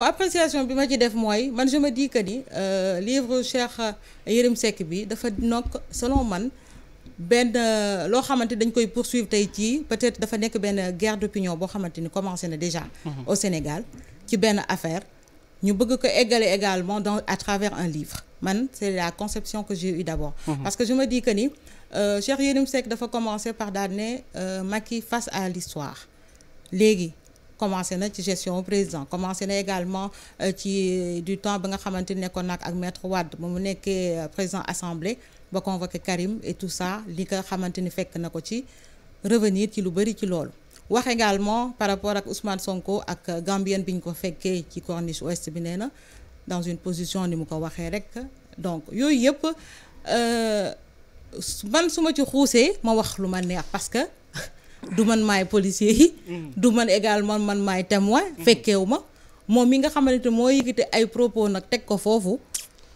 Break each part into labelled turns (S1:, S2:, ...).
S1: appréciation bi ma ci def mooy man je me dis que ni euh, livre Cheikh Yérim Seck bi dafa nokk selon man benn euh, loo xamante dañ koy poursuivre tey ci peut-être dafa nekk benn guerre d'opinion boo xamante ni commencé na déjà mhm. au Sénégal ci benn affaire ñu bëgg ko égaler également dans à travers un livre man c'est la conception que j'ai eu d'abord mhm. parce que je me dis que ni euh, Cheikh Yérim dafa commencer par daal ne Macky face à l'histoire léegi commencé na ci gestion président commencé na également euh, ci euh, du temps ba nga xamante nekkoon nag ak maître wadd ba mu nekkee euh, président assemblée ba convoqué Karim et tout ça li nga xamante ni fekk na ko ci revenir ci lu bëri ci loolu. wax également par rapport ak Ousmane Sonko ak Gambien bi ñu ko fekkee ci corniche ouest bi nee na dans une position ni mu ko waxee rek donc yooyu yëpp man su ma ci xuusee ma wax lu ma neex parce que. du man maay policier yi mm. du man également man maay témoin mm. fekkeewu ma moom mi nga xamante moo yëkkati ay propos nag teg ko foofu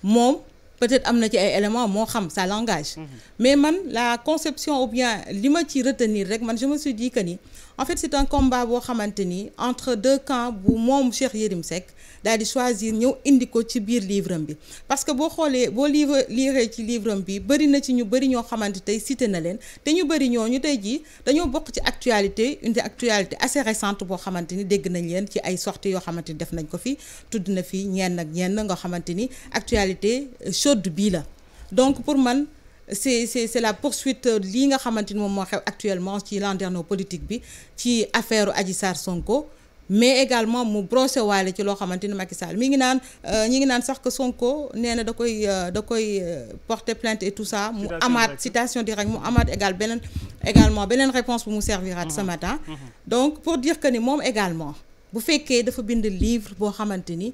S1: moom peut-être am na ci ay éléments moo xam sa langage mm-hmm. mais man la conception ou bien li ma ci retenir rek man je me suis dit que ni en fait c'est un combat boo xamante ni entre deux camps bu moom Cheikh Yérim Seck daal di choisir ñëw indi ko ci biir livre bi parce que boo xoolee boo livre liiree ci livre bi bëri na ci ñu bëri ñoo xamante tey cité na leen te ñu bëri ñu tey jii dañoo bokk ci actualité une actualité assez récente boo xamante ni dégg nañ leen ci ay sorties yoo xamante ni def nañ ko fi tudd na fi ñenn ak ñeen ñenn ngoo xamante ni actualité chaude bii la donc pour man. c'est c'est c'est la poursuite euh, lii nga xamante ni moom moo xew actuellement ci landerneau politique bi ci affaire Adji Sarr Sonko mais également mu brossé waale ci loo xamante ni Macky Sall mi ngi naan euh, ñi ngi naan sax Sonko nee na da koy euh, da koy porter tout ça mu amaat citation directe mu amaat égale beneen également beneen réponse bu mu serviraat ce mhm. matin mhm. donc pour dire que ni moom également bu fekkee dafa bind livre boo xamante ni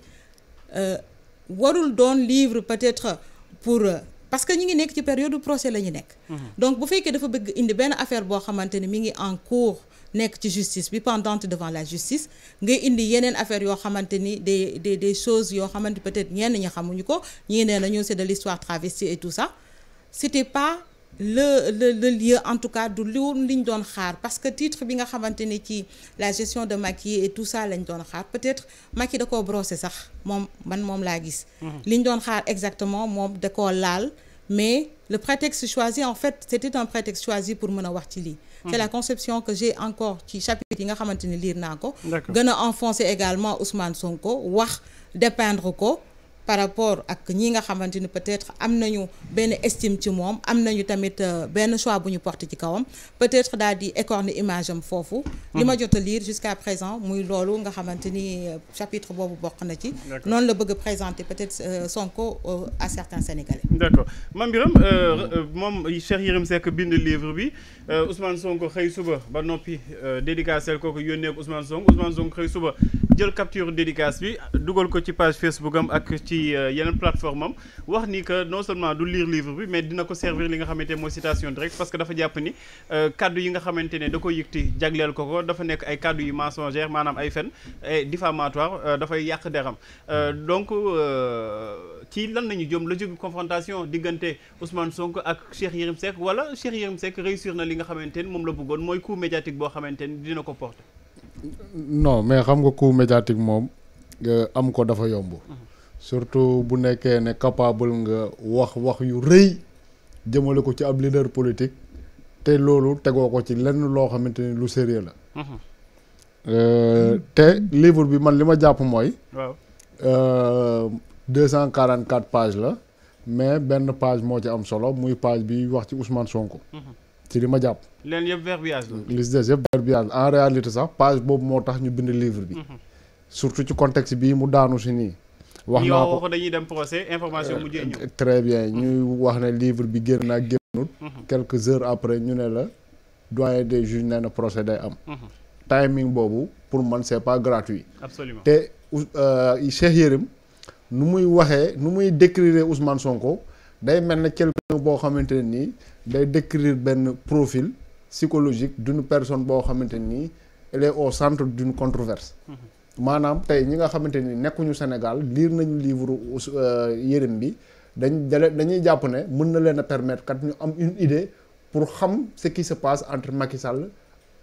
S1: warul doon livre peut-être pour parce que ñi ngi nekk ci période procès la ñu nekk. Mhm. donc bu fekkee dafa bëgg indi benn affaire boo xamante ni mu ngi en cours nekk ci justice bi pendante devant la justice ngay indi yeneen affaire yoo xamante ni des des des choses yoo xamante peut-être ñenn ñi xamuñu ko ñii nee na ñoo c'est de l'histoire travestie et tout ça c'était pas. le le le lieu en tout cas du li liñ doon xaar parce que titre bi nga xamante ne ci la gestion de Macky et tout ça lañ doon xaar peut-être Macky da ko brossé sax moom man moom laa gis. Mhm. liñ doon xaar exactement moom da ko laal mais le prétexte choisi en fait c'était un prétexte choisi pour mën a wax ci lii. c'est mhm. la conception que j'ai encore ci chapitre yi nga xamante ne lire naa ko. gën a enfoncer également Ousmane Sonko wax dépeindre ko. par rapport ak ñi nga xamante ni peut-être am nañu benn estime ci moom am nañu tamit euh, benn choix bu ñu porte ci kawam peut-être daal di écorner image am foofu li ma mhm. jot a lire jusqu'à présent muy loolu nga xamante ni euh, chapitre boobu bokk na ci noonu la bëgg présenter peut-être euh, Sonko à certains Sénégalais
S2: d'accord Mame Birame moom Cheikh Yérim Seck bind livre bi Ousmane Sonko xëy suba ba noppi dédicacel kooku yónnee ko Ousmane Sonko Ousmane Sonko xëy suba jël capture dédicace bi dugal ko ci page Facebook am ak ci euh, yeneen plateforme am wax ni que non seulement du liir livre bi mais dina ko servir li nga xamante mooy citation directe parce que dafa jàpp ni euh, kaddu yi nga xamante ne da ko yëgti jagleel ko ko dafa nekk ay kaddu yu mensongère maanaam ay fen et diffamatoire euh, dafay yàq deram donc ci lan nañu jëm la jóg confrontation diggante Ousmane Sonko ak Cheikh Yérim Seck wala Cheikh Yérim Seck réussir na li nga xamante ni moom la bëggoon mooy coup médiatique boo xamante ni dina ko porter
S3: no mais xam nga coup médiatique moom euh, am ko dafa yomb. surtout bu nekkee ne capable nga wax wax yu rëy jëmale ko ci ab leader politique te loolu tegoo ko ci lenn loo xamante ni lu sérieux la. Euh, te livre bi man li ma jàpp mooy. waaw euh, deux cent quarante quatre pages la mais benn page moo ci am solo muy page bi wax ci Ousmane Sonko. Mhm. ci li ma jàpp.
S2: leen yëpp verbiage
S3: la. li en réalité sax page boobu moo tax ñu bind livre bi. Mhm. surtout ci contexte bi mu daanu si nii. wax na
S2: ko dañuy dem procès information euh, mujjee
S3: ñëw. Mhm. wax ne livre bi génn naa génnut. Mhm. quelques heures après ñu ne la doyen des juges nee na procès day am. timing boobu pour man c'est pas gratuit. absolument te euh, Cheikh Yérim nu muy waxee nu muy décrire Ousmane Sonko. day mel na quelqu'un boo xamante ne nii day décrir benn profil psychologique d'une personne boo xamante nii elle est au centre d'une controverse mhm. maanaam tey ñi nga xamante ni nekkuñu Sénégal lire nañu livre euh, Yérim bi dañ dañuy jàpp ne mën na leen a permettre kat ñu am une idée pour xam ce qui se passe entre Macky Sall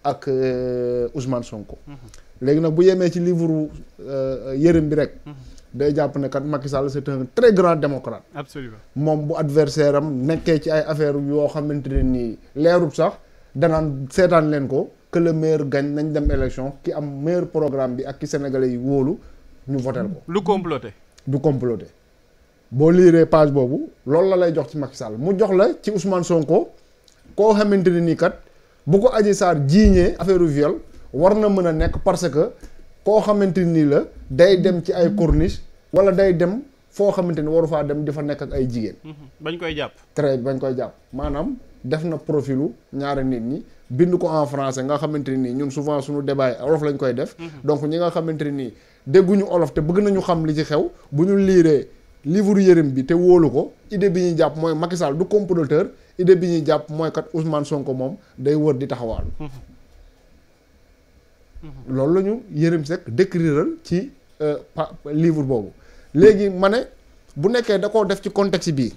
S3: ak euh, Ousmane Sonko mhm. léegi nag bu yemee ci livre euh, Yérim bi rek mhm. day jàpp ne kat Macky Sall c'est un très grand démocrate. absolument moom bu adversaire am nekkee ci ay affaire yoo xamante ne nii leerut sax danaan seetaan leen ko que le meilleur gagne nañ dem élection ki am meilleur programme bi ak ki sénégalais yi wóolu ñu votel ko. lu comploté. du comploté boo liiree page boobu loolu la lay jox ci Macky mu jox la ci Ousmane Sonko koo xamante ne nii kat bu ko aji Sarr jiiñee affaire viol war na mën a nekk parce que. koo xamante nii la day dem ci ay corniche wala day dem foo xamante ni waru faa dem di fa nekk ak ay jigéen.
S2: Mhm. bañ koy jàpp.
S3: très bañ koy jàpp maanaam def na profilu ñaari nit ñi bind ko en français nga xamante ni ñun souvent suñu débat yi olof lañ koy def. Mhm. donc ñi nga xamante ni dégguñu olof te bëgg nañu xam li ci xew bu ñu liiree livre yërim bi te wóolu ko idée bi ñuy jàpp mooy Macky du comploteur idée bi ñuy jàpp mooy kat Ousmane ko moom day wër di taxawaalu. Mhm. loolu la ñu Yérim Seck décriral ci euh, livre boobu léegi ma ne bu nekkee da ko def ci context bi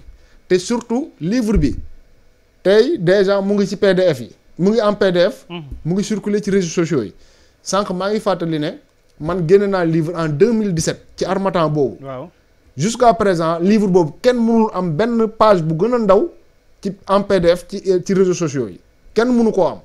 S3: te surtout livre bi tey déjà mu ngi ci PDF yi mu ngi en PDF mhm. mu ngi circuler ci réseaux sociaux yi sànq maa ngi fàttali ne man génne naa livre en deux mille 2017 ci armatan boobu waaw jusqu'à présent livre boobu kenn mënul am benn page bu gën a ndaw ci en PDF ci ci réseaux sociaux yi kenn mënu koo am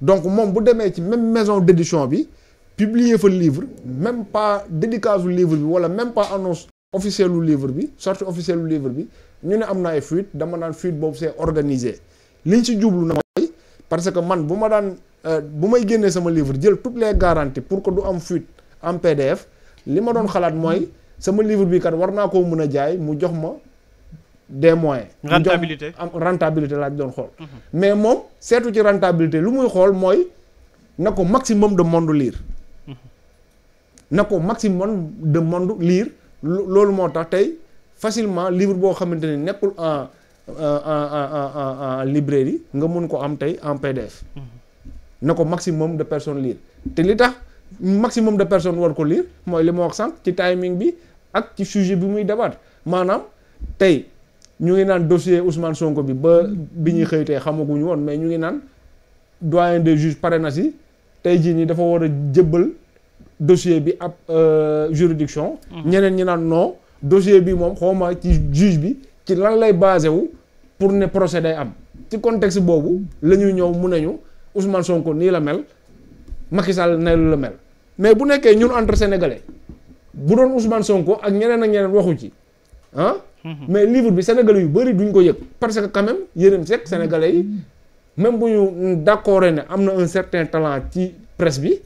S3: donc moom bu demee ci même maison d'édition bi publier fa livre même pas dédicace livre bi wala même pas annonce officielle livre bi sortie officielle livre bi ñu ne am na ay fuite dama naan fuite boobu c'est organisé liñ si jublu na mooy parce que man bu ma daan euh, bu may génnee sama livre jël toutes les garanties pour que du am fuite en PDF li ma doon xalaat mooy sama livre bi kat war naa koo mën a jaay mu jox ma des moyens. rentabilité am rentabilité doon xool. Mhm. mais moom seetu ci rentabilité lu muy xool mooy na ko maximum de monde lire. Mhm. na ko maximum de monde lire loolu moo tax tey facilement livre boo xamante ni nekkul en en en librairie nga mën ko am tey en PDF. Mhm. na ko maximum de personnes lire te li tax maximum de personne war ko lire mooy li ma wax sànq ci timing bi ak ci sujet bi muy débat maanaam tey. ñu ngi naan dossier Ousmane Sonko bi ba bi ñuy xëytee xamaguñu woon mais ñu ngi naan doyen des juges pare na si tey jii nii dafa war a jébbal dossier bi ab euh, juridiction. Mmh. ñeneen ñi naan non dossier bi moom xawma ci juge bi ci lan lay basé wu pour ne procès day am ci contexte boobu la ñuy ñëw mun nañu Ousmane Sonko nii la mel Macky Sall la mel mais bu nekkee ñun entre sénégalais bu doon Ousmane Sonko ak ñeneen ak ñeneen waxu ci ah. mais livre bi sénégalais yu bëri duñ ko yëg parce que quand même Yérim Seck sénégalais yi même bu ñu d'accord ne am na un certain talent ci presse bi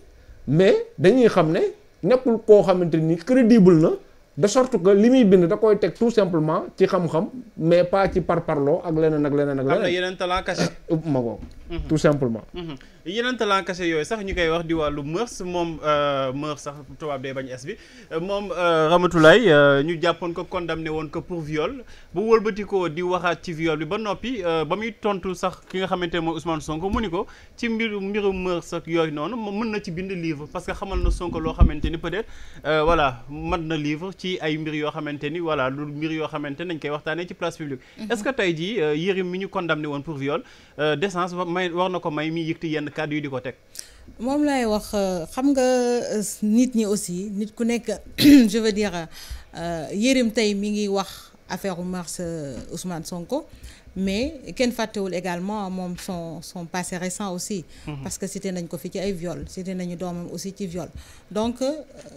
S3: mais dañuy xam ne nekkul koo xamante ni crédible na de sorte que li muy bind da koy teg tout simplement ci xam-xam mais pas ci parparloo ak leneen ak leneen ak leneen. am na yeneen talent kese. Euh, ma ko. Mhm. tout simplement.
S2: Mhm. yeneen talent caché yooyu sax ñu koy wax di wàllu mœurs moom euh, mœurs sax tubaab day bañ es bi euh, moom euh, Ramatoulaye ñu jàppoon ko condamné woon ko pour viol bu wëlbatikoo di waxaat ci viol bi ba noppi ba muy tontu sax ki nga xamante ne mooy Ousmane Sonko mu ni ko ci mbiru mbiru mœurs ak yooyu noonu mën na ci bind livre parce que xamal na Sonko loo xamante ni peut-être voilà mat na livre ci ay mbir yoo xamante ni voilà lu mbir yoo xamante nañ koy waxtaanee ci place publique. Mhm. est-ce may war na ko may mi yëkkati yenn kàddu yi di ko teg.
S1: moom laay wax euh, xam nga euh, nit ñi aussi nit ku nekk je veux dire euh, Yérim tey mi ngi wax affaire u mars Ousmane Sonko. mais kenn fàttewul également moom son son passé récent aussi. Mmh. parce que cité nañ ko fi ci ay viol cité nañu doomam aussi ci viol. donc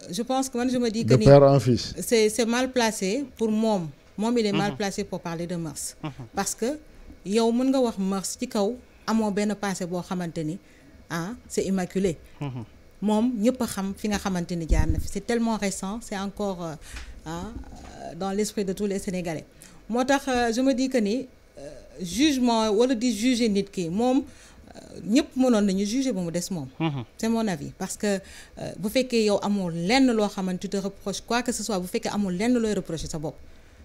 S1: je pense que man je me dis. que ni de père c'est mal placé pour moom. moom il est mhm. mal placé pour parler de mœurs. Mmh. parce que yow mën nga wax mœurs ci kaw. amoo benn passé boo xamante ni ah c'est immaculé. moom ñëpp a xam fi nga xamante ni jaar na fi c'est tellement récent c'est encore euh, ah euh, dans l'esprit de tous les Sénégalais moo tax euh, je me que ni jugement wala di juger nit kii moom ñëpp mënoon nañu juger ba mu des moom. c'est mon avis parce que bu fekkee yow amul lenn loo xamante tu quoi que ce soit bu fekkee amul lenn looy reprocher sa bopp.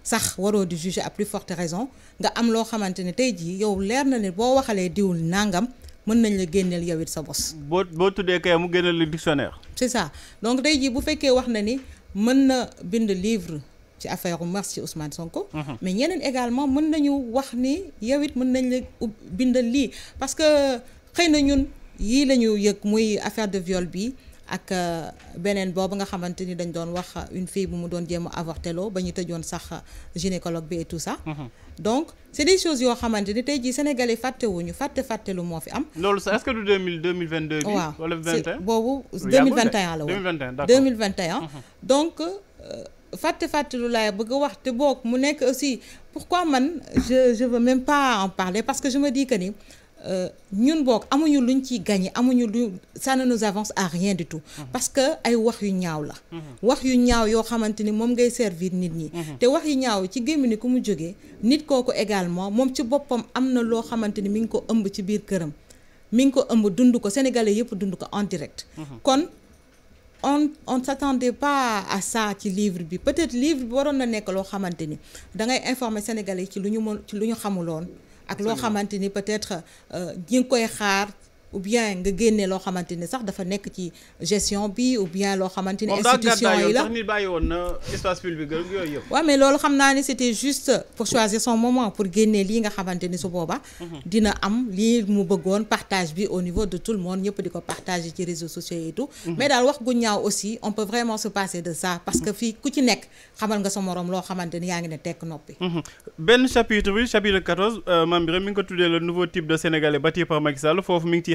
S1: sax waroo di juger à plus forte raison nga am loo xamante ne tey jii yow leer na ne boo waxalee diwul nangam mën nañ la génneel yow
S2: it sa bos. boo boo tuddee kay mu génneel le dictionnaire.
S1: c'est ça donc tey jii bu fekkee wax na ni mën na bind livre ci affaire mars ci Ousmane Sonko. Mhm. mais ñeneen également mën nañu wax ni yow it mën nañ la bindal lii parce que xëy na ñun yii la ñu yëg muy affaire de viole bi ak euh, beneen boobu nga xamante ni dañ doon wax euh, une fille bu mu doon jéem a avorté loo ba ñu tëjoon sax euh, gynécologue bi et sax ça. Mm-hmm. donc c' est des yoo xamante ni tey jii sénégalais fàtte wuñu fàtte fàttelu moo fi am.
S2: loolu sax est ce que du deux mille deux mille vingt deux. waaw wala vingt un boobu.
S1: donc fàtte fàttelu laay bëgg a wax te book mu nekk aussi pourquoi man je veux même pas en parler parce que je me Euh, ñun book amuñu luñ ciy gagné amuñu lu sa ne nous avance à rien mhm. parce que ay wax yu ñaaw la. Mhm. wax yu ñaaw yoo xamante ni moom ngay servir nit ñi. Mhm. te wax yu ñaaw ci gémmi ni ku mu jógee nit kooku également moom ci boppam am na loo xamante ni mi ngi ko ëmb ci biir këram mi ngi ko ëmb dund ko sénégalais yëpp dund ko en direct. kon on on s'attendait pas à ça ci livre bi peut-être livre bi waroon na nekk loo xamante ni da ngay informer ci lu ñu mën ci lu ñu xamuloon. ak loo xamante ni peut-être euh, ñi ngi koy xaar ou bien nga génne loo xamante ne sax dafa nekk ci gestion bi ou bien loo xamante ne institution yi la
S2: nit bàyyi woon na espace public yooyu yëpp waaw
S1: mais loolu xam naa ne c'était juste pour choisir son moment pour génne lii nga xamante su booba mhm. dina am lii mu bëggoon partage bi au niveau de tout le monde ñëpp di ko partager ci réseaux sociaux et mhm. mais daal wax gu ñaaw aussi on peut vraiment se passer de ça parce que mhm. fii ku ci nekk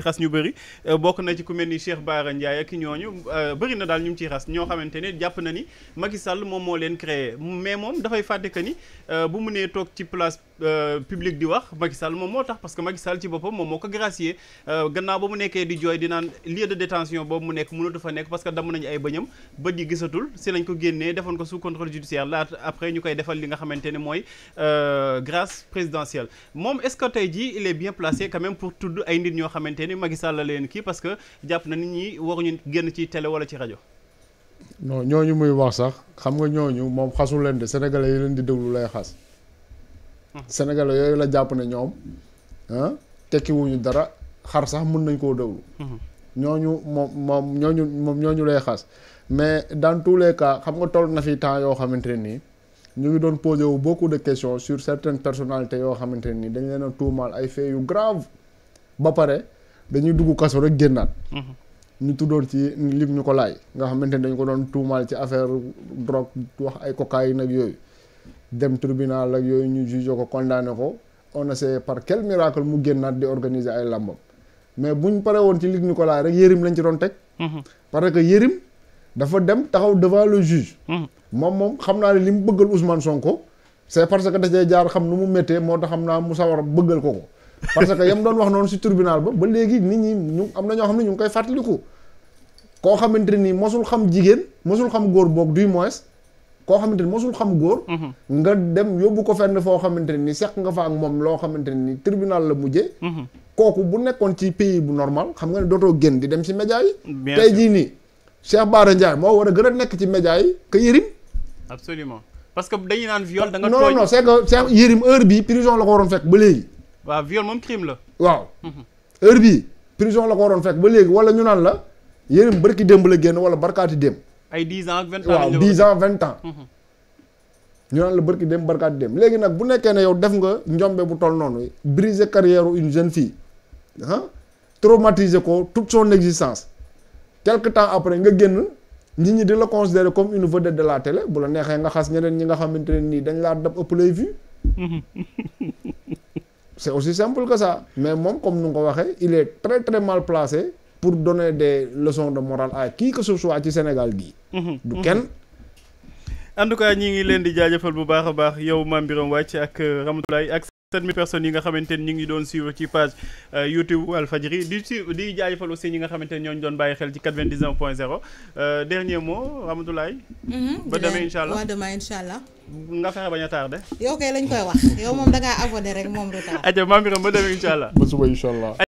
S2: xas ñu bëri euh, bokk na ci ku mel ni Cheikh Bara Ndiaye ak ñooñu euh, bëri na daal ñu ngi ciy xas ñoo xamante ne jàpp na ni Macky moom moo leen créé mais moom dafay fàtte que ni euh, bu mu nee toog ci place Euh, public di wax Macky Sall moom moo tax parce que Macky Sall ci boppam moom moo ko gracier euh, gannaaw ba mu nekkee di jooy di naan lieu de détention boobu mu nekk mënatu fa nekk parce que damm nañu ay bëñam bët yi gisatul si lañ ko génnee defoon ko sous contrôle judiciaire la après ñu koy defal li nga xamante ne mooy euh, grâce présidentielle moom est-ce que tey jii il est bien placé quand pour tudd ay nit ñoo xamante ni Macky Sall la leen kii parce que jàpp na nit ñi waruñu génn ci télé wala ci rajo
S3: non ñooñu muy wax sax xam nga ñooñu moom xasul leen de sénégalais di déglu lay xas sénégalais yooyu la jàpp ne ñoom ah tekkiwuñu dara xar sax mën nañ koo déglu. ñooñu moom moom ñu moom ñoo ñu lay xas mais dans tout les cas xam nga toll na fi temps yoo xamante ne nii ñu ngi doon posé wu beaucoup de questions sur certaines personalité yoo xamante ne nii dañ leen a tuumaal ay faits yu grave ba pare dañuy dugg kaso rek génnaat. ñu tuddoon ci lim ñu ko laay nga xamante ni dañ ko doon tuumaal ci affaire drogue wax ay cocaïne nag yooyu. dem tribunal ak yooyu ñu jugé ko condamné ko on essaie par quel miracle mu génnaat di organiser ay làmbam mais buñ pare woon ci Luc Nicolaï rek yërim lañ ci doon teg. Mhm. parce que yërim dafa dem taxaw devant le juge. Mhm. moom moom xam naa ne li mu bëggal Ousmane Sonko. c' est parce que da jaar xam nu mu méttee moo tax xam naa mu sawar bëggal ko ko. parce que yam doon wax noonu si tribunal ba ba léegi nit ñi ñu am na ñoo xam ne ñu ngi koy fàttaliku. koo xamante ni mosul xam jigéen mosul xam góor boog du moins. koo xamante ni mosul xam góor. Mhm. nga dem yóbbu ko fenn foo xamante ne ni seq nga fa ak moom loo xamante ne ni tribunal la mujjee. Mhm. kooku bu nekkoon ci pays bu normal xam nga ne dootoo génn di dem si média yi. tey jii nii Cheikh Bara Ndiaye moo war a gën a nekk ci média yi que Yérim.
S2: parce que dañuy naan da nga. non non c'est que
S3: Cheikh Yérim heure bii prison la ko waroon fekk ba léegi.
S2: waaw viol moom crime la. waaw mhm.
S3: heure bi prison la ko waroon fekk ba léegi wala ñu naan la Yérim barki démb la génn wala barkaati démb.
S2: ay dix ans ak vingt ans waaw dix ans
S3: vingt ans. Mhm. ñu naan la barki dem barkaat dem léegi nag bu nekkee ne yow def nga njombe bu toll noonu briser carrière une jeune fii ah ko toute son existence quelque temps après nga génn nit ñi di la considérer comme une vedette de la télé bu la neexee nga xas ñeneen ñi nga xamante ne nii dañ laa dab ëpp lay vue mhm. c'est aussi simple que ça mais moom comme nu nga ko waxee il est très très mal placé pour donner des leçons de morale à qui que ce a ci Sénégal gii. Mhm. du kenn. Mhm.
S2: en tout cas ñi ngi leen di jaajëfal bu baax a baax yow Mame Birame Wathie ak euh, Ramatoulaye ak. sept mille personnes yi nga xamante ni ñu ngi doon suivre ci page euh, YouTube Walfadjri di su di jaajëfal aussi ñi nga xamante ni ñooñu doon bàyyi xel ci 99 point 0 euh, dernier mot Ramatoulaye
S1: mhm, ba demee incha allah
S2: nga fexe bañ a tardé
S1: yow kay lañ koy wax yow moom da ngaa
S2: avodé